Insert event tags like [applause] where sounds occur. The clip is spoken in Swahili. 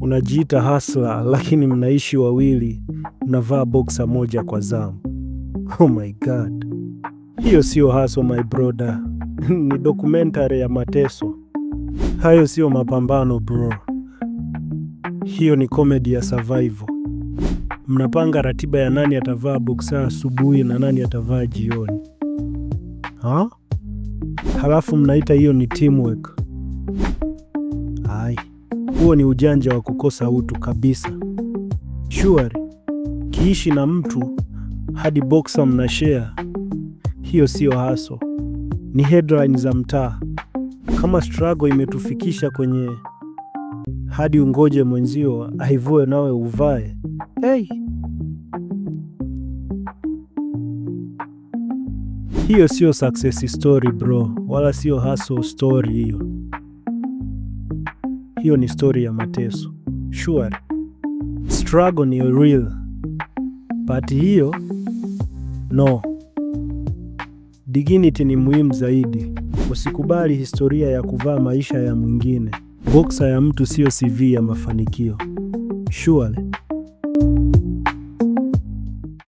Unajiita hasla lakini mnaishi wawili, mnavaa boksa moja kwa zamu. Oh my god, hiyo sio haswa my brother [laughs] ni dokumentari ya mateso. Hayo sio mapambano bro, hiyo ni komedi ya survival. Mnapanga ratiba ya nani atavaa boksa asubuhi na nani atavaa jioni ha? Halafu mnaita hiyo ni teamwork. Huo ni ujanja wa kukosa utu kabisa. Sure, kiishi na mtu hadi boksa mna share, hiyo siyo haso, ni headline za mtaa. Kama struggle imetufikisha kwenye hadi ungoje mwenzio aivue nawe uvae, hey. Hiyo sio success story bro, wala sio hustle story hiyo hiyo ni stori ya mateso sure. Struggle ni real but hiyo no. Dignity ni muhimu zaidi. Usikubali historia ya kuvaa maisha ya mwingine. Boksa ya mtu siyo CV ya mafanikio sure.